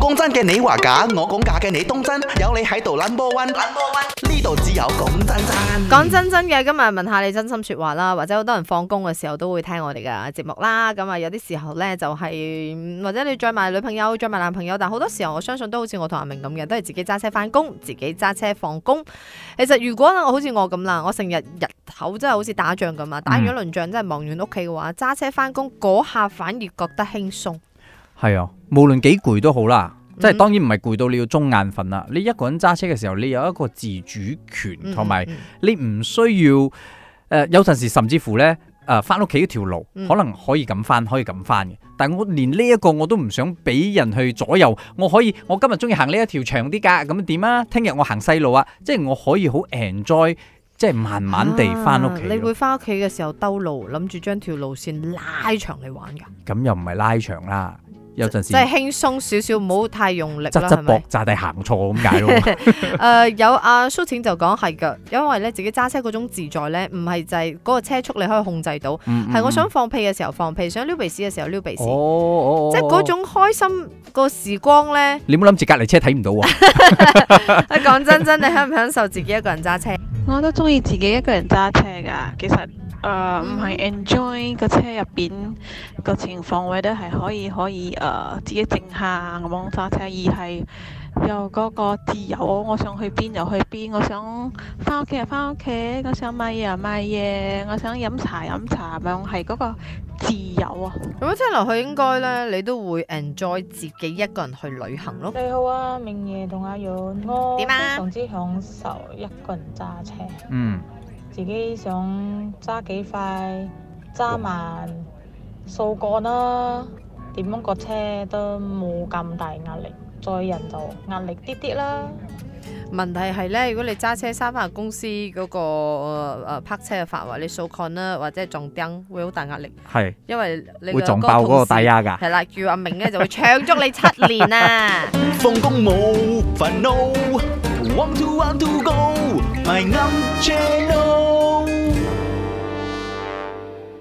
講真嘅，你話假，我講假嘅你當真。有你喺度，number one，number one，呢度只有咁。真真。講真真嘅，今日問下你真心說話啦。或者好多人放工嘅時候都會聽我哋嘅節目啦。咁啊，有啲時候呢，就係、是，或者你載埋女朋友，載埋男朋友，但好多時候我相信都好似我同阿明咁嘅，都係自己揸車翻工，自己揸車放工。其實如果好似我咁啦，我成日日頭真係好似打仗咁啊，打完一輪仗真係忙完屋企嘅話，揸車翻工嗰下反而覺得輕鬆。係啊，無論幾攰都好啦，即係當然唔係攰到你要中眼瞓啦。嗯、你一個人揸車嘅時候，你有一個自主權，同埋、嗯嗯、你唔需要誒、呃，有陣時甚至乎咧誒，翻屋企嗰條路、嗯、可能可以咁翻，可以咁翻嘅。但係我連呢一個我都唔想俾人去左右。我可以，我今日中意行呢一條長啲噶，咁點啊？聽日我行細路啊，即係我可以好 enjoy，即係慢慢地翻屋企。你會翻屋企嘅時候兜路，諗住將條路線拉長嚟玩噶？咁又唔係拉長啦。有陣時即係輕鬆少少，唔好太用力啦，係咪？執執行錯咁解咯？誒，有阿、啊、蘇淺就講係噶，因為咧自己揸車嗰種自在咧，唔係就係嗰個車速你可以控制到，係、嗯嗯、我想放屁嘅時候放屁，想撩鼻屎嘅時候撩鼻屎，哦哦哦哦即係嗰種開心個時光咧。你冇諗住隔離車睇唔到啊？講 真真，你享唔享受自己一個人揸車？我都中意自己一個人揸車噶，其實誒唔係 enjoy 個車入邊個情況，或者係可以可以誒、uh, 自己靜下咁樣揸車，而係有嗰個自由，我想去邊就去邊，我想翻屋企就翻屋企，我想買嘢就買嘢，我想飲茶飲茶，咪係嗰個。自由啊！如咁聽落去應該咧，你都會 enjoy 自己一個人去旅行咯。你好啊，明爺同阿楊，我非常之享受一個人揸車。嗯，自己想揸幾快，揸慢，數個啦。點樣個車都冇咁大壓力，載人就壓力啲啲啦。問題係咧，如果你揸車翻翻去公司嗰個誒泊車嘅範圍，或你掃 con 啦，或者係撞釘，會好大壓力。係，因為會撞爆嗰個大壓噶。係啦，叫阿明咧就會搶足你七年啦！